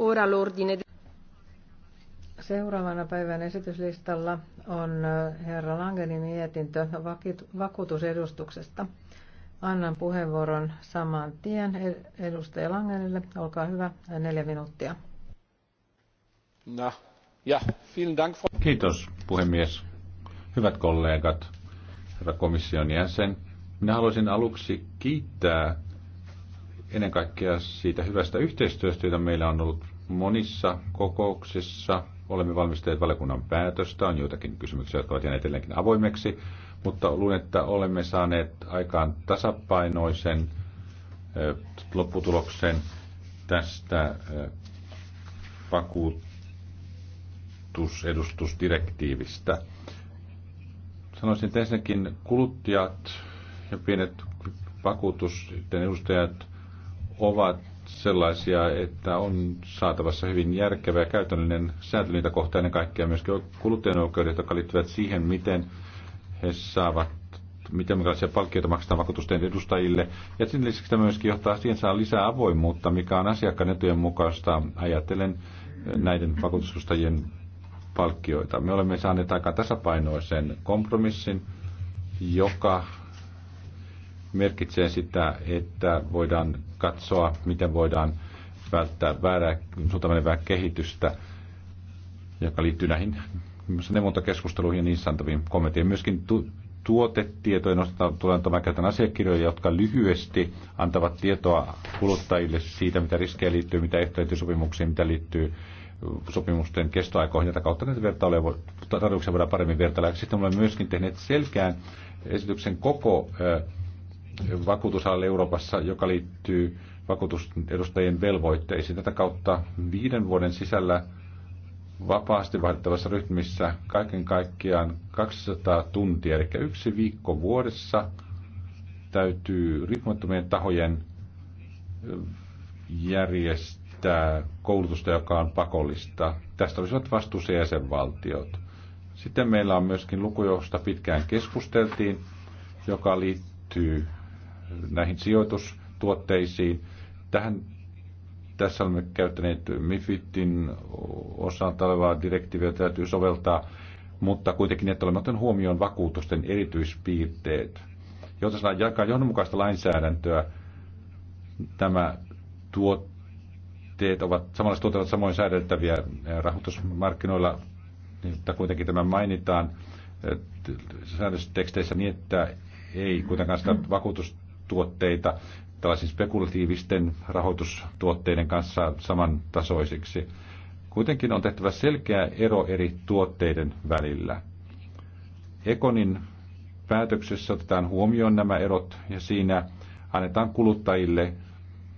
Ora l'ordine. Seuraavana päivän esityslistalla on herra Langenin mietintö vakuutusedustuksesta. Annan puheenvuoron saman tien e-, edustaja Langenille. Olkaa hyvä, neljä minuuttia. No, ja, vielen dank. Kiitos puhemies. Hyvät kollegat, herra komission jäsen. Minä haluaisin aluksi kiittää ennen kaikkea siitä hyvästä yhteistyöstä, jota meillä on ollut Monissa kokouksissa olemme valmistelleet valiokunnan päätöstä. On joitakin kysymyksiä, jotka ovat jääneet edelleenkin avoimeksi, mutta luulen, että olemme saaneet aikaan tasapainoisen lopputuloksen tästä vakuutusedustusdirektiivistä. Sanoisin, että ensinnäkin kuluttajat ja pienet vakuutusten edustajat ovat sellaisia, että on saatavassa hyvin järkevä ja käytännöllinen sääntely niitä kohtaan ennen kaikkea myöskin kuluttajan oikeudet, jotka liittyvät siihen, miten he saavat miten minkälaisia palkkioita maksetaan vakuutusten edustajille. Ja sen lisäksi tämä myöskin johtaa siihen saa lisää avoimuutta, mikä on asiakkaan etujen mukaista ajatellen näiden vakuutusustajien palkkioita. Me olemme saaneet aika tasapainoisen kompromissin, joka merkitsee sitä, että voidaan katsoa, miten voidaan välttää väärää, suuntaan kehitystä, joka liittyy näihin neuvontakeskusteluihin ja niissä antaviin kommentteihin. Myöskin tu- tuotetietojen osalta tulee antamaan käytän asiakirjoja, jotka lyhyesti antavat tietoa kuluttajille siitä, mitä riskejä liittyy, mitä ehtoja sopimuksiin, mitä liittyy sopimusten kestoaikoihin. jota kautta näitä vertailuja tarjouksia voidaan paremmin vertailla. Sitten olemme myöskin tehneet selkeän esityksen koko vakuutusalalle Euroopassa, joka liittyy vakuutusedustajien velvoitteisiin. Tätä kautta viiden vuoden sisällä vapaasti vaihdettavassa ryhmissä kaiken kaikkiaan 200 tuntia, eli yksi viikko vuodessa täytyy riippumattomien tahojen järjestää koulutusta, joka on pakollista. Tästä olisivat vastuussa jäsenvaltiot. Sitten meillä on myöskin luku, josta pitkään keskusteltiin, joka liittyy näihin sijoitustuotteisiin. Tähän tässä olemme käyttäneet MIFITin osalta olevaa direktiiviä täytyy soveltaa, mutta kuitenkin, että olemme ottaneet huomioon vakuutusten erityispiirteet. Jotta saadaan jakaa johdonmukaista lainsäädäntöä, tämä tuotteet ovat, samanlaiset tuotteet ovat samoin säädettäviä eh, rahoitusmarkkinoilla, mutta niin, kuitenkin tämä mainitaan säädösteksteissä niin, että ei kuitenkaan sitä vakuutus tuotteita tällaisen spekulatiivisten rahoitustuotteiden kanssa samantasoisiksi. Kuitenkin on tehtävä selkeä ero eri tuotteiden välillä. Ekonin päätöksessä otetaan huomioon nämä erot ja siinä annetaan kuluttajille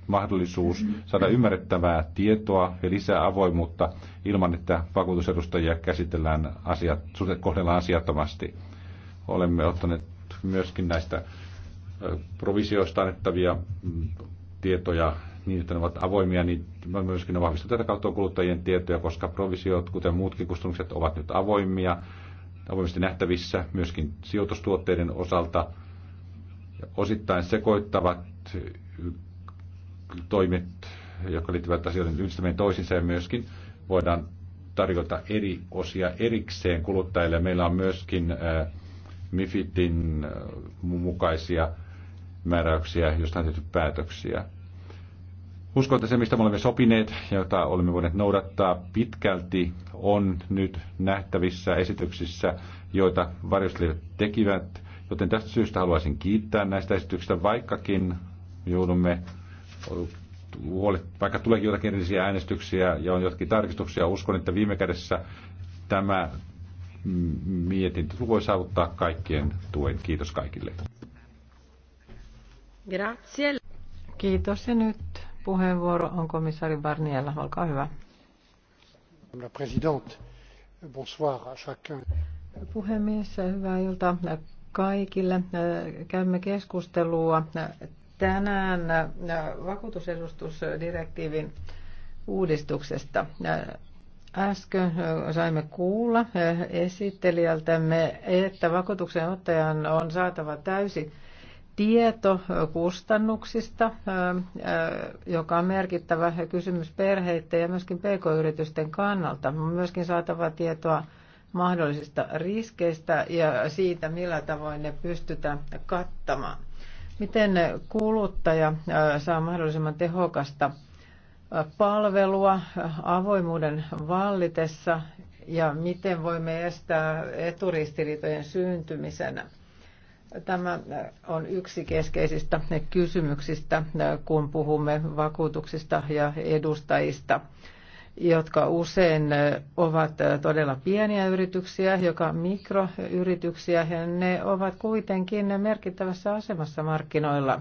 mahdollisuus saada ymmärrettävää tietoa ja lisää avoimuutta ilman, että vakuutusedustajia käsitellään asiat, kohdellaan asiattomasti. Olemme ottaneet myöskin näistä provisioista annettavia mm, tietoja niin, että ne ovat avoimia, niin myöskin ne vahvistavat tätä kautta kuluttajien tietoja, koska provisiot, kuten muutkin kustannukset, ovat nyt avoimia, avoimesti nähtävissä myöskin sijoitustuotteiden osalta. Osittain sekoittavat toimet, jotka liittyvät asioiden yhdistämiseen toisiinsa ja myöskin voidaan tarjota eri osia erikseen kuluttajille. Meillä on myöskin äh, MIFITin äh, mukaisia määräyksiä, joista on tehty päätöksiä. Uskon, että se, mistä me olemme sopineet ja jota olemme voineet noudattaa pitkälti, on nyt nähtävissä esityksissä, joita varjostelijat tekivät. Joten tästä syystä haluaisin kiittää näistä esityksistä, vaikkakin joudumme vaikka tuleekin jotakin erillisiä äänestyksiä ja on jotakin tarkistuksia, uskon, että viime kädessä tämä mietintö voi saavuttaa kaikkien tuen. Kiitos kaikille. Grazie. Kiitos. Ja nyt puheenvuoro on komissaari Barniella. Olkaa hyvä. La présidente, bonsoir à chacun. Puhemies, hyvää iltaa kaikille. Käymme keskustelua tänään vakuutusedustusdirektiivin uudistuksesta. Äsken saimme kuulla esittelijältämme, että vakuutuksenottajan on saatava täysi tieto kustannuksista, joka on merkittävä kysymys perheiden ja myöskin pk-yritysten kannalta. On myöskin saatava tietoa mahdollisista riskeistä ja siitä, millä tavoin ne pystytään kattamaan. Miten kuluttaja saa mahdollisimman tehokasta palvelua avoimuuden vallitessa ja miten voimme estää eturistiriitojen syntymisenä. Tämä äh, on yksi keskeisistä kysymyksistä, äh, kun puhumme vakuutuksista ja edustajista jotka usein äh, ovat todella pieniä yrityksiä, joka mikroyrityksiä, ja ne ovat kuitenkin merkittävässä asemassa markkinoilla.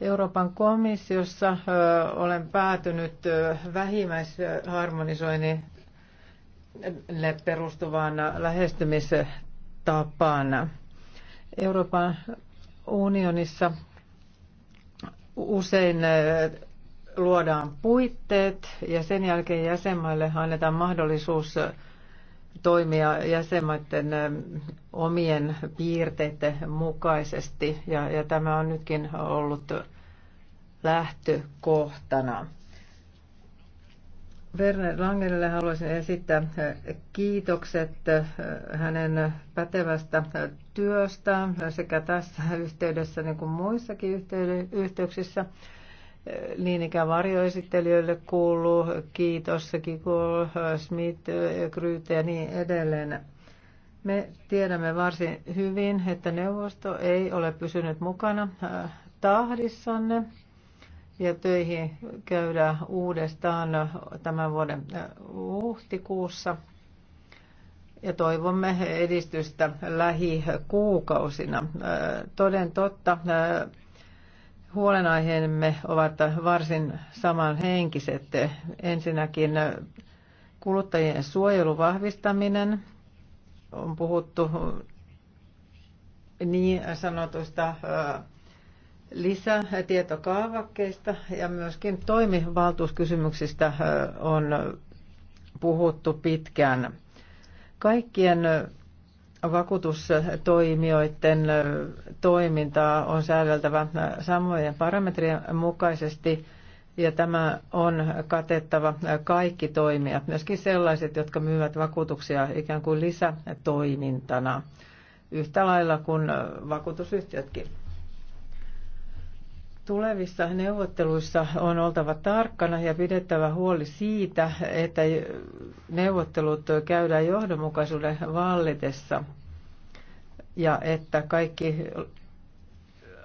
Euroopan komissiossa olen päätynyt vähimmäisharmonisoinnille perustuvaan lähestymistapaan. Euroopan unionissa usein luodaan puitteet ja sen jälkeen jäsenmaille annetaan mahdollisuus toimia jäsenmaiden omien piirteiden mukaisesti. Ja, ja tämä on nytkin ollut lähtökohtana. Werner Langelle haluaisin esittää kiitokset hänen pätevästä työstä sekä tässä yhteydessä niin kuin muissakin yhteyksissä. Niin ikään varjoesittelijöille kuuluu kiitos, Kiko, Smith, Gryyte ja niin edelleen. Me tiedämme varsin hyvin, että neuvosto ei ole pysynyt mukana äh, tahdissanne ja töihin käydään uudestaan tämän vuoden äh, huhtikuussa – ja toivomme edistystä lähikuukausina. Toden totta, huolenaiheemme ovat varsin samanhenkiset. Ensinnäkin kuluttajien suojeluvahvistaminen vahvistaminen. On puhuttu niin sanotusta lisätietokaavakkeista ja myöskin toimivaltuuskysymyksistä on puhuttu pitkään. Kaikkien vakuutustoimijoiden toimintaa on säädeltävä samojen parametrien mukaisesti ja tämä on katettava kaikki toimijat, myöskin sellaiset, jotka myyvät vakuutuksia ikään kuin lisätoimintana, yhtä lailla kuin vakuutusyhtiötkin. Tulevissa neuvotteluissa on oltava tarkkana ja pidettävä huoli siitä, että neuvottelut käydään johdonmukaisuuden vallitessa ja että kaikki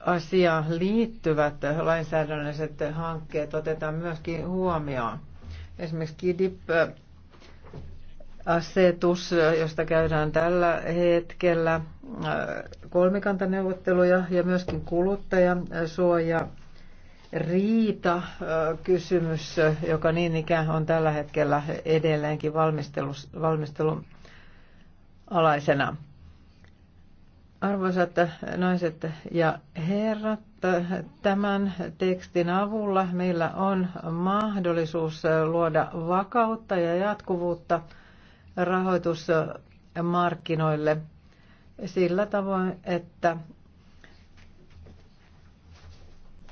asiaan liittyvät lainsäädännölliset hankkeet otetaan myöskin huomioon. Esimerkiksi KIDIP asetus, josta käydään tällä hetkellä äh, kolmikantaneuvotteluja ja myöskin kuluttajasuoja riita äh, kysymys, joka niin ikään on tällä hetkellä edelleenkin valmistelun alaisena. Arvoisat naiset ja herrat, tämän tekstin avulla meillä on mahdollisuus luoda vakautta ja jatkuvuutta – rahoitusmarkkinoille sillä tavoin, että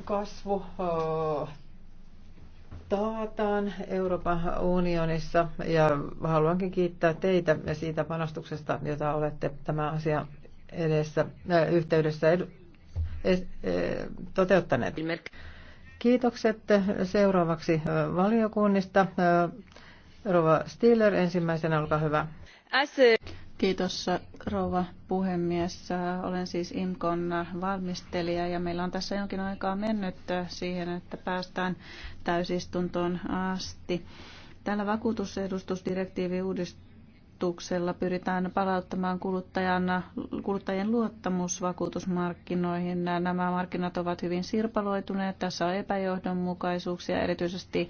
kasvu taataan Euroopan unionissa ja haluankin kiittää teitä siitä panostuksesta, jota olette tämän asian edessä, yhteydessä edu, es, e, toteuttaneet. Kiitokset seuraavaksi valiokunnista. Rova Stiller ensimmäisenä, olkaa hyvä. Kiitos rouva puhemies. Olen siis IMKon valmistelija ja meillä on tässä jonkin aikaa mennyt siihen, että päästään täysistuntoon asti. Tällä vakuutusedustusdirektiivi uudistuu vakuutuksella pyritään palauttamaan kuluttajan, kuluttajien luottamus vakuutusmarkkinoihin. Nämä markkinat ovat hyvin sirpaloituneet, tässä on epäjohdonmukaisuuksia erityisesti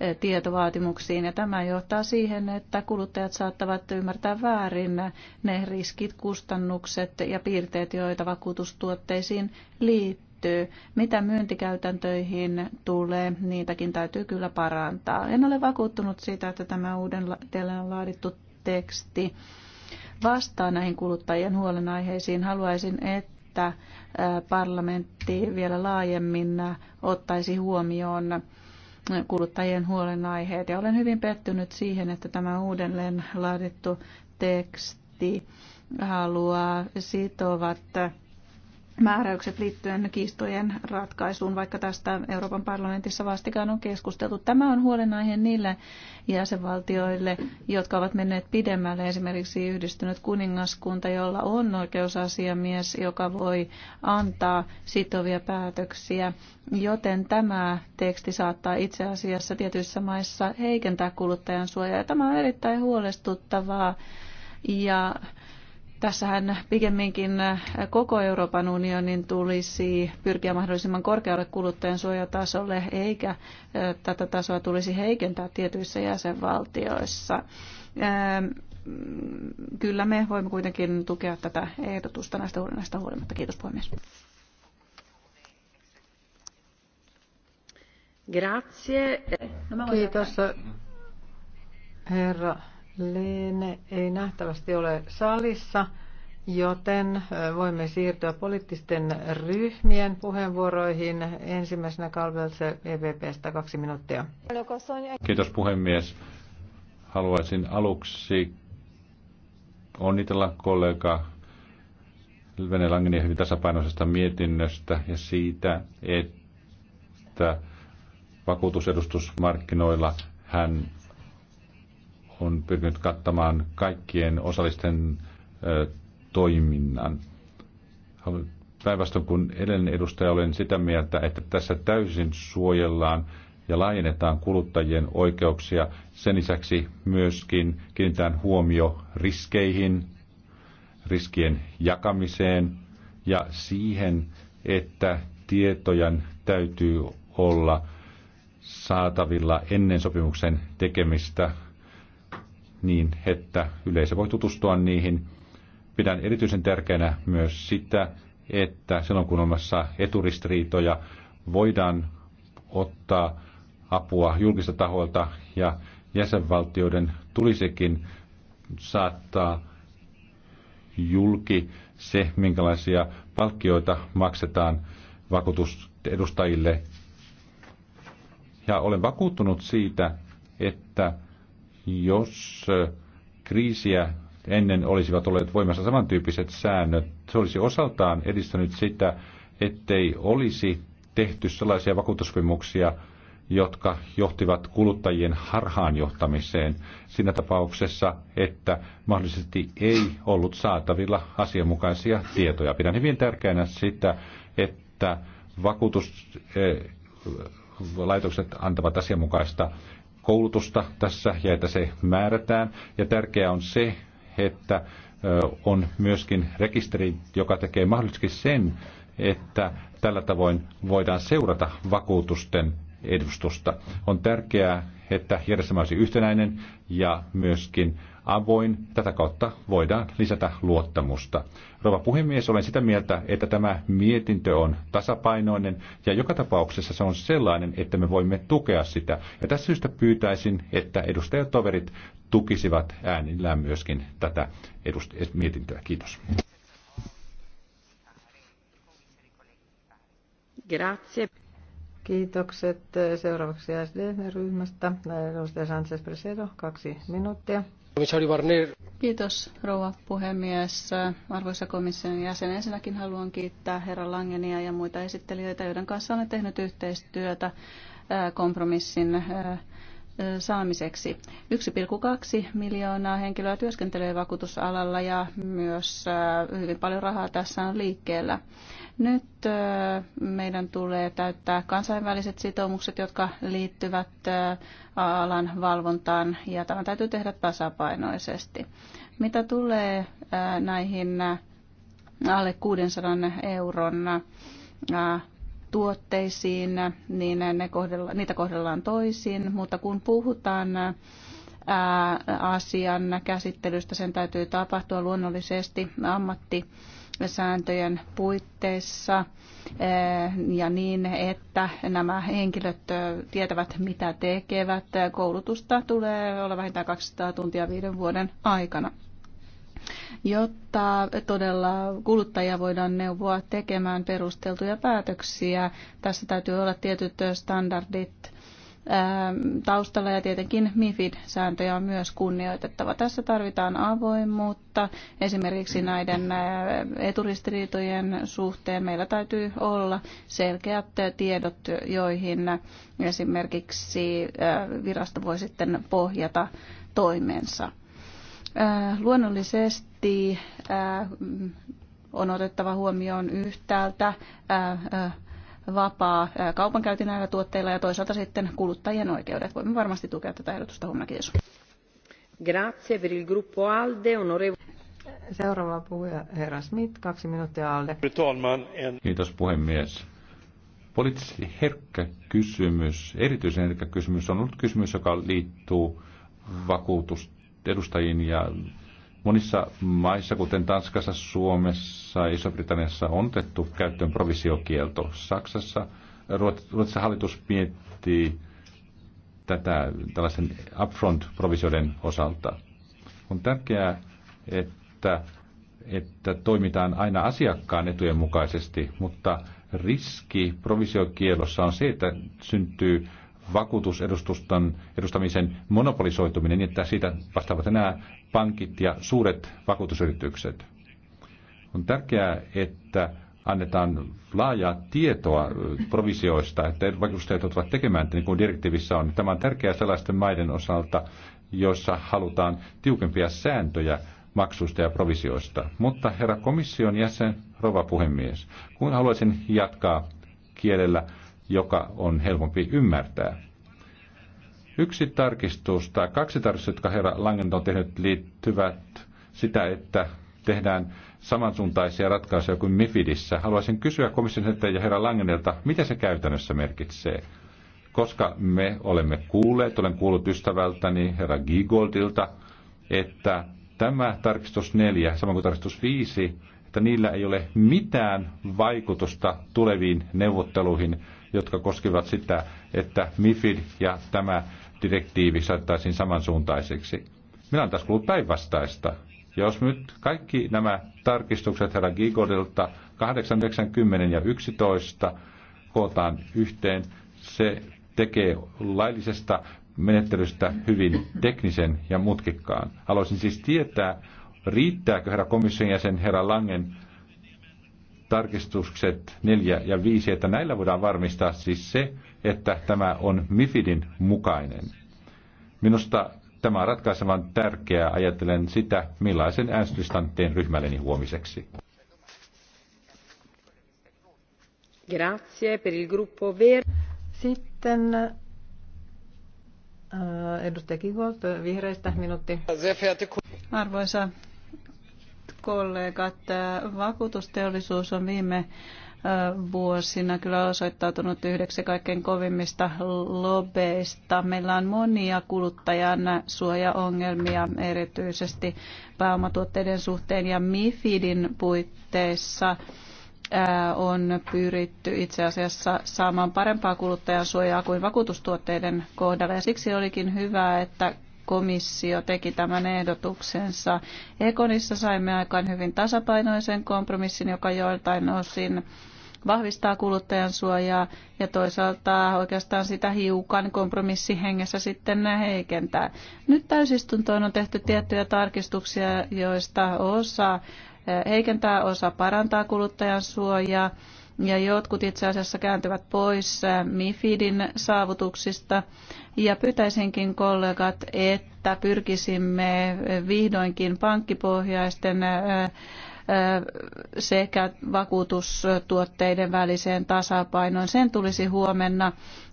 eh, tietovaatimuksiin ja tämä johtaa siihen, että kuluttajat saattavat ymmärtää väärin ne riskit, kustannukset ja piirteet, joita vakuutustuotteisiin liittyy Mitä myyntikäytäntöihin tulee, niitäkin täytyy kyllä parantaa. En ole vakuuttunut siitä, että tämä uudelleen laadittu teksti vastaa näihin kuluttajien huolenaiheisiin. Haluaisin, että parlamentti vielä laajemmin ottaisi huomioon kuluttajien huolenaiheet. Ja olen hyvin pettynyt siihen, että tämä uudelleen laadittu teksti haluaa sitovat määräykset liittyen kiistojen ratkaisuun, vaikka tästä Euroopan parlamentissa vastikään on keskusteltu. Tämä on huolenaihe niille jäsenvaltioille, jotka ovat menneet pidemmälle, esimerkiksi yhdistynyt kuningaskunta, jolla on oikeusasiamies, joka voi antaa sitovia päätöksiä, joten tämä teksti saattaa itse asiassa tietyissä maissa heikentää kuluttajan suojaa. Tämä on erittäin huolestuttavaa ja Tässähän pikemminkin äh, koko Euroopan unionin tulisi pyrkiä mahdollisimman korkealle kuluttajan suojatasolle, eikä äh, tätä tasoa tulisi heikentää tietyissä jäsenvaltioissa. Ähm, kyllä me voimme kuitenkin tukea tätä ehdotusta näistä huolimatta. huolimatta. Kiitos puhemies. Grazie. Kiitos herra Leene ei nähtävästi ole salissa, joten voimme siirtyä poliittisten ryhmien puheenvuoroihin. Ensimmäisenä Kalvelse EVPstä kaksi minuuttia. Kiitos puhemies. Haluaisin aluksi onnitella kollega Vene Langenin hyvin tasapainoisesta mietinnöstä ja siitä, että vakuutusedustusmarkkinoilla hän on pyrkinyt kattamaan kaikkien osallisten toiminnan. Päinvastoin kun edellinen edustaja olen sitä mieltä, että tässä täysin suojellaan ja laajennetaan kuluttajien oikeuksia. Sen lisäksi myöskin kiinnitään huomio riskeihin, riskien jakamiseen ja siihen, että tietojen täytyy olla saatavilla ennen sopimuksen tekemistä niin, että yleisö voi tutustua niihin. Pidän erityisen tärkeänä myös sitä, että silloin kun on olemassa eturistiriitoja, voidaan ottaa apua julkista tahoilta ja jäsenvaltioiden tulisikin saattaa julki se, minkälaisia palkkioita maksetaan vakuutusedustajille. Ja olen vakuuttunut siitä, että jos kriisiä ennen olisivat olleet voimassa samantyyppiset säännöt, se olisi osaltaan edistänyt sitä, ettei olisi tehty sellaisia vakuutusvimuksia, jotka johtivat kuluttajien harhaanjohtamiseen siinä tapauksessa, että mahdollisesti ei ollut saatavilla asianmukaisia tietoja. Pidän hyvin tärkeänä sitä, että vakuutuslaitokset antavat asianmukaista koulutusta tässä ja että se määrätään. Ja tärkeää on se, että on myöskin rekisteri, joka tekee mahdollisesti sen, että tällä tavoin voidaan seurata vakuutusten edustusta. On tärkeää, että järjestelmä olisi yhtenäinen ja myöskin avoin. Tätä kautta voidaan lisätä luottamusta. Rova puhemies, olen sitä mieltä, että tämä mietintö on tasapainoinen ja joka tapauksessa se on sellainen, että me voimme tukea sitä. Ja tässä syystä pyytäisin, että edustajatoverit tukisivat äänillään myöskin tätä edust- eh, mietintöä. Kiitos. Grazie. Kiitokset seuraavaksi SD-ryhmästä. Edustaja Sanchez presedo kaksi minuuttia. Kiitos rouva puhemies. Arvoisa komission jäsen, ensinnäkin haluan kiittää herra Langenia ja muita esittelijöitä, joiden kanssa olen tehnyt yhteistyötä kompromissin saamiseksi. 1,2 miljoonaa henkilöä työskentelee vakuutusalalla ja myös hyvin paljon rahaa tässä on liikkeellä. Nyt meidän tulee täyttää kansainväliset sitoumukset, jotka liittyvät alan valvontaan ja tämä täytyy tehdä tasapainoisesti. Mitä tulee näihin alle 600 euron tuotteisiin, niin ne kohdella, niitä kohdellaan toisin, mutta kun puhutaan asian käsittelystä, sen täytyy tapahtua luonnollisesti ammatti sääntöjen puitteissa ja niin, että nämä henkilöt tietävät, mitä tekevät. Koulutusta tulee olla vähintään 200 tuntia viiden vuoden aikana jotta todella kuluttajia voidaan neuvoa tekemään perusteltuja päätöksiä. Tässä täytyy olla tietyt standardit ähm, taustalla ja tietenkin MIFID-sääntöjä on myös kunnioitettava. Tässä tarvitaan avoimuutta esimerkiksi näiden äh, eturistiriitojen suhteen. Meillä täytyy olla selkeät tiedot, joihin esimerkiksi äh, virasto voi sitten pohjata toimensa. Äh, luonnollisesti äh, on otettava huomioon yhtäältä äh, vapaa kaupankäynti näillä tuotteilla ja toisaalta sitten kuluttajien oikeudet. Voimme varmasti tukea tätä ehdotusta huomenna. Kiitos. Grazie per il gruppo ALDE, Seuraava puhuja, herra Smith, kaksi minuuttia ALDE. Kiitos puhemies. Poliittisesti herkkä kysymys, erityisen herkkä kysymys on ollut kysymys, joka liittyy vakuutus, edustajiin ja monissa maissa, kuten Tanskassa, Suomessa ja Iso-Britanniassa on otettu käyttöön provisiokielto. Saksassa, Ruotsissa hallitus miettii tätä tällaisen upfront-provisioiden osalta. On tärkeää, että, että toimitaan aina asiakkaan etujen mukaisesti, mutta riski provisiokielossa on se, että syntyy vakuutusedustustan edustamisen monopolisoituminen, niin että siitä vastaavat nämä pankit ja suuret vakuutusyritykset. On tärkeää, että annetaan laajaa tietoa provisioista, että vakuutustajat ovat tekemään, niin kuin direktiivissä on. Tämä on tärkeää sellaisten maiden osalta, joissa halutaan tiukempia sääntöjä maksuista ja provisioista. Mutta herra komission jäsen, rova puhemies, kun haluaisin jatkaa kielellä, joka on helpompi ymmärtää. Yksi tarkistus tai kaksi tarkistusta, jotka herra Langen on tehnyt, liittyvät sitä, että tehdään samansuuntaisia ratkaisuja kuin MIFIDissä. Haluaisin kysyä komission ja herra Langenilta, mitä se käytännössä merkitsee? Koska me olemme kuulleet, olen kuullut ystävältäni herra Gigoldilta, että tämä tarkistus 4, sama kuin tarkistus 5, että niillä ei ole mitään vaikutusta tuleviin neuvotteluihin, jotka koskevat sitä, että MIFID ja tämä direktiivi saattaisiin samansuuntaiseksi. Minä on taas kuullut päinvastaista. Jos nyt kaikki nämä tarkistukset herra gigodelta 8, 9, 10 ja 11 kootaan yhteen, se tekee laillisesta menettelystä hyvin teknisen ja mutkikkaan. Haluaisin siis tietää, Riittääkö herra komission jäsen, herra Langen, tarkistukset 4 ja 5, että näillä voidaan varmistaa siis se, että tämä on MIFIDin mukainen. Minusta tämä on ratkaisevan tärkeää ajatellen sitä, millaisen äänestyslistan teen ryhmälleni huomiseksi. Grazie per il gruppo Ver. Sitten äh, edustaja Kigolt vihreistä minuutti. Arvoisa kollegat, vakuutusteollisuus on viime vuosina kyllä osoittautunut yhdeksi kaikkein kovimmista lobeista. Meillä on monia kuluttajan suojaongelmia erityisesti pääomatuotteiden suhteen ja MIFIDin puitteissa on pyritty itse asiassa saamaan parempaa kuluttajansuojaa suojaa kuin vakuutustuotteiden kohdalla. Ja siksi olikin hyvä, että komissio teki tämän ehdotuksensa. Ekonissa saimme aikaan hyvin tasapainoisen kompromissin, joka joiltain osin vahvistaa kuluttajan suojaa ja toisaalta oikeastaan sitä hiukan kompromissihengessä sitten heikentää. Nyt täysistuntoon on tehty tiettyjä tarkistuksia, joista osa heikentää, osa parantaa kuluttajan suojaa ja jotkut itse asiassa kääntyvät pois äh, MIFIDin saavutuksista. Ja pyytäisinkin kollegat, että pyrkisimme vihdoinkin pankkipohjaisten äh, äh, sekä vakuutustuotteiden väliseen tasapainoon. Sen tulisi huomenna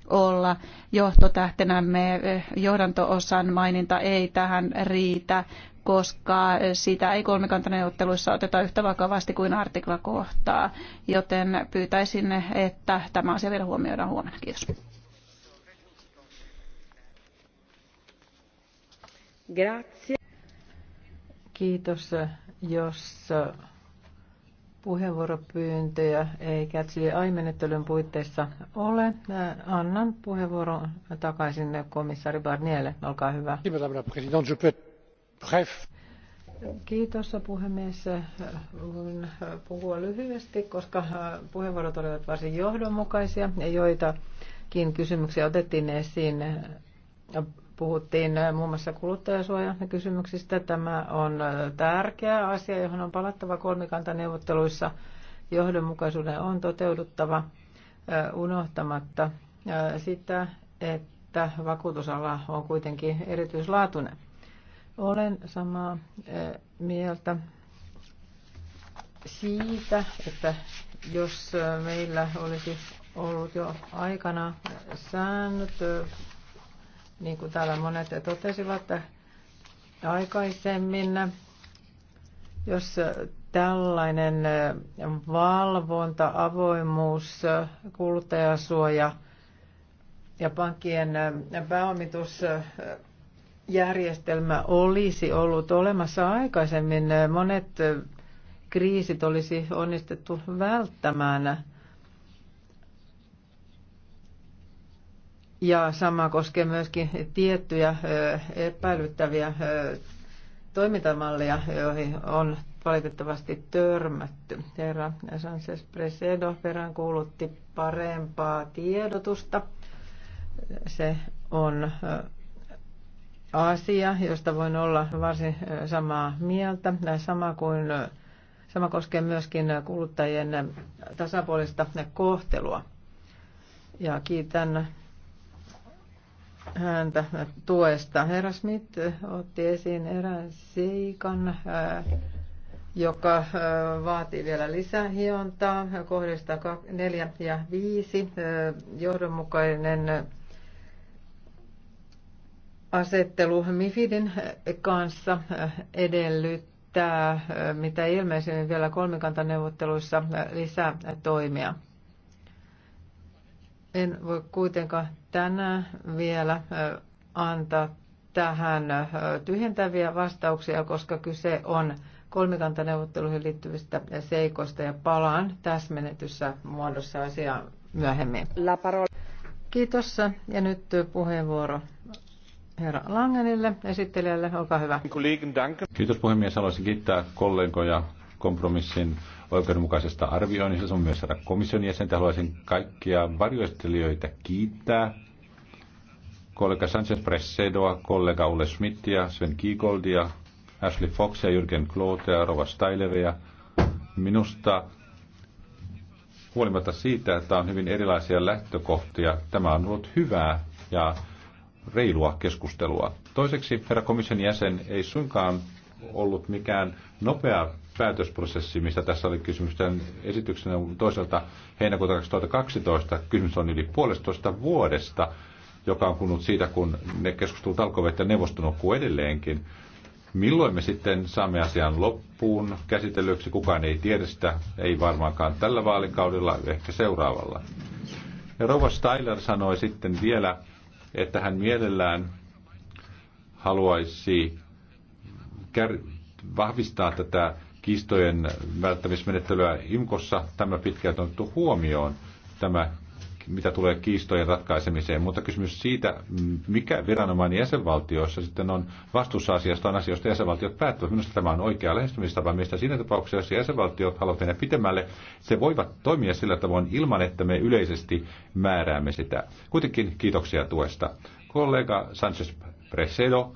olla johtotähtenämme. Johdantoosan maininta ei tähän riitä koska sitä ei kolmikantaneuvotteluissa oteta yhtä vakavasti kuin artiklakohtaa, joten pyytäisin, että tämä asia vielä huomioidaan huomenna. Kiitos. Grazie. Kiitos. Jos puheenvuoropyyntöjä ei Kätsili aimenettelyn puitteissa ole, annan puheenvuoron takaisin komissaari Barnielle. Olkaa hyvä. Madame la Présidente, je peux bref. Kiitos puhemies. Voin puhua lyhyesti, koska puheenvuorot olivat varsin johdonmukaisia ja joitakin kysymyksiä otettiin esiin. Puhuttiin muun muassa kuluttajasuojakysymyksistä. Tämä on tärkeä asia, johon on palattava kolmikantaneuvotteluissa. Johdonmukaisuuden on toteuduttava unohtamatta sitä, että vakuutusala on kuitenkin erityislaatuinen. Olen samaa mieltä siitä, että jos meillä olisi ollut jo aikana säännöt, niin kuin täällä monet totesivat aikaisemmin, jos tällainen valvonta, avoimuus, kuluttajasuoja ja pankkien pääomitus järjestelmä olisi ollut olemassa aikaisemmin, monet kriisit olisi onnistettu välttämään. Ja sama koskee myöskin tiettyjä epäilyttäviä toimintamalleja, joihin on valitettavasti törmätty. Herra Sanchez Presedo kuulutti parempaa tiedotusta. Se on asia, josta voin olla varsin samaa mieltä. Äh, sama, kuin, sama koskee myöskin kuluttajien tasapuolista kohtelua. Ja kiitän häntä tuesta. Herra Smith otti esiin erään seikan, joka vaatii vielä lisähiontaa kohdista 4 ja 5. Johdonmukainen asettelu MIFIDin kanssa edellyttää mitä ilmeisemmin vielä kolmikantaneuvotteluissa lisää toimia. En voi kuitenkaan tänään vielä antaa tähän tyhjentäviä vastauksia, koska kyse on kolmikantaneuvotteluihin liittyvistä seikoista ja palaan täsmennetyssä muodossa asiaan myöhemmin. Kiitos ja nyt puheenvuoro herra Langenille, esittelijälle. Olkaa hyvä. Kiitos puhemies. Haluaisin kiittää kollegoja kompromissin oikeudenmukaisesta arvioinnista. Se on myös herra komission jäsentä. Haluaisin kaikkia varjoistelijoita kiittää. Kollega Sanchez Presedoa, kollega Ulle Schmidtia, Sven Kiigoldia, Ashley Foxia, Jürgen Klootea, Rova Steileria. Minusta huolimatta siitä, että on hyvin erilaisia lähtökohtia, tämä on ollut hyvää ja reilua keskustelua. Toiseksi herra komission jäsen ei suinkaan ollut mikään nopea päätösprosessi, mistä tässä oli kysymys tämän esityksenä toiselta heinäkuuta 2012. Kysymys on yli puolestoista vuodesta, joka on kunnut siitä, kun ne keskustelut alkoivat ja neuvoston nukkuu edelleenkin. Milloin me sitten saamme asian loppuun käsitellyksi? Kukaan ei tiedä sitä, ei varmaankaan tällä vaalikaudella, ehkä seuraavalla. Ja Rouva Steiler sanoi sitten vielä, että hän mielellään haluaisi kär- vahvistaa tätä kiistojen välttämismenettelyä IMKossa. Tämä pitkään on otettu huomioon, tämä mitä tulee kiistojen ratkaisemiseen, mutta kysymys siitä, mikä viranomainen jäsenvaltioissa sitten on vastuussa asiasta, on asioista jäsenvaltiot päättävät. Minusta tämä on oikea lähestymistapa, mistä siinä tapauksessa, jos jäsenvaltiot haluavat mennä pitemmälle, se voivat toimia sillä tavoin ilman, että me yleisesti määräämme sitä. Kuitenkin kiitoksia tuesta. Kollega Sanchez Presedo,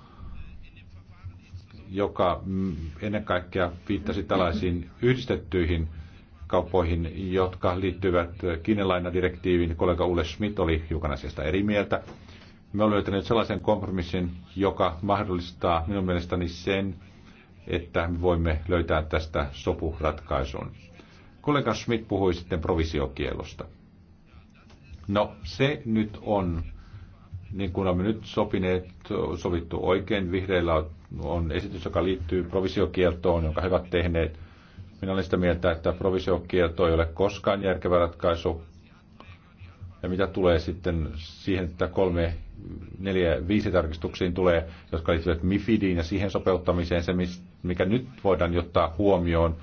joka mm, ennen kaikkea viittasi tällaisiin yhdistettyihin kauppoihin, jotka liittyvät kiinalainadirektiiviin. Kollega Ulle Schmidt oli hiukan asiasta eri mieltä. Me olemme löytäneet sellaisen kompromissin, joka mahdollistaa minun mielestäni sen, että me voimme löytää tästä sopuratkaisun. Kollega Schmidt puhui sitten provisiokielosta. No se nyt on, niin kuin olemme nyt sopineet, sovittu oikein. Vihreillä on esitys, joka liittyy provisiokieltoon, jonka he ovat tehneet – minä olen sitä mieltä, että provisiokielto ei ole koskaan järkevä ratkaisu. Ja mitä tulee sitten siihen, että kolme, neljä, viisi tarkistuksiin tulee, jotka liittyvät MIFIDiin ja siihen sopeuttamiseen, se mikä nyt voidaan ottaa huomioon,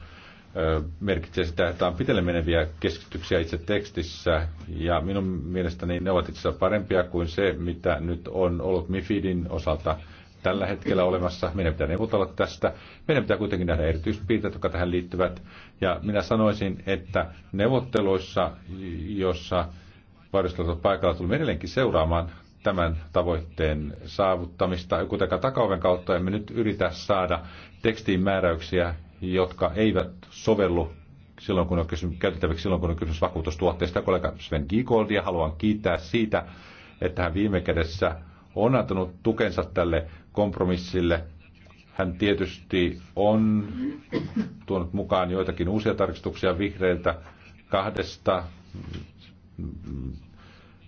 merkitsee sitä, että on pitelle meneviä keskityksiä itse tekstissä, ja minun mielestäni ne ovat itse asiassa parempia kuin se, mitä nyt on ollut MIFIDin osalta – tällä hetkellä olemassa. Meidän pitää neuvotella tästä. Meidän pitää kuitenkin nähdä erityispiirteet, jotka tähän liittyvät. Ja minä sanoisin, että neuvotteluissa, jossa varusteltu paikalla tulee edelleenkin seuraamaan tämän tavoitteen saavuttamista. Kuitenkaan takaoven kautta emme nyt yritä saada tekstiin määräyksiä, jotka eivät sovellu silloin, kun on kysymys, käytettäväksi silloin, kun on kysymys vakuutustuotteista. Kollega Sven Giegoldia haluan kiittää siitä, että hän viime kädessä on antanut tukensa tälle kompromissille. Hän tietysti on tuonut mukaan joitakin uusia tarkistuksia vihreiltä kahdesta.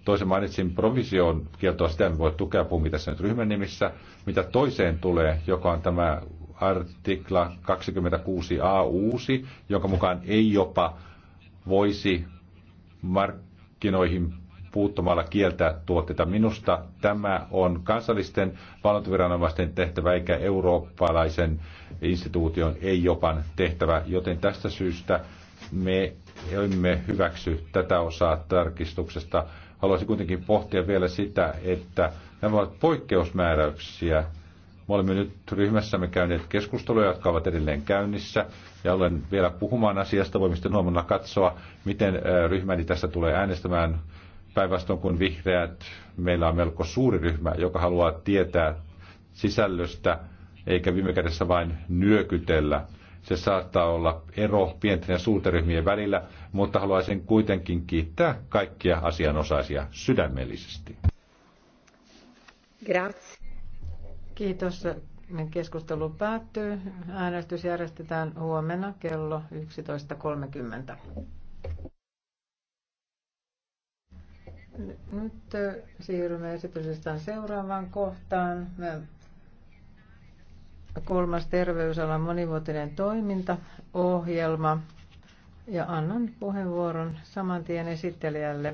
Toisen mainitsin provision kieltoa, sitä voi tukea, puhumme tässä nyt ryhmän nimissä. Mitä toiseen tulee, joka on tämä artikla 26a uusi, jonka mukaan ei jopa voisi markkinoihin puuttumalla kieltää tuotteita. Minusta tämä on kansallisten valvontaviranomaisten tehtävä eikä eurooppalaisen instituution, ei jopa tehtävä, joten tästä syystä me emme hyväksy tätä osaa tarkistuksesta. Haluaisin kuitenkin pohtia vielä sitä, että nämä ovat poikkeusmääräyksiä. Me olemme nyt ryhmässämme käyneet keskusteluja, jotka ovat edelleen käynnissä, ja olen vielä puhumaan asiasta. Voimme sitten huomenna katsoa, miten ryhmäni tässä tulee äänestämään Päinvastoin kuin vihreät, meillä on melko suuri ryhmä, joka haluaa tietää sisällöstä, eikä viime kädessä vain nyökytellä. Se saattaa olla ero pienten ja suurten ryhmien välillä, mutta haluaisin kuitenkin kiittää kaikkia asianosaisia sydämellisesti. Grazie. Kiitos. Keskustelu päättyy. Äänestys järjestetään huomenna kello 11.30. Nyt siirrymme esitysestään seuraavaan kohtaan. Kolmas terveysalan monivuotinen toimintaohjelma. Ja annan puheenvuoron saman tien esittelijälle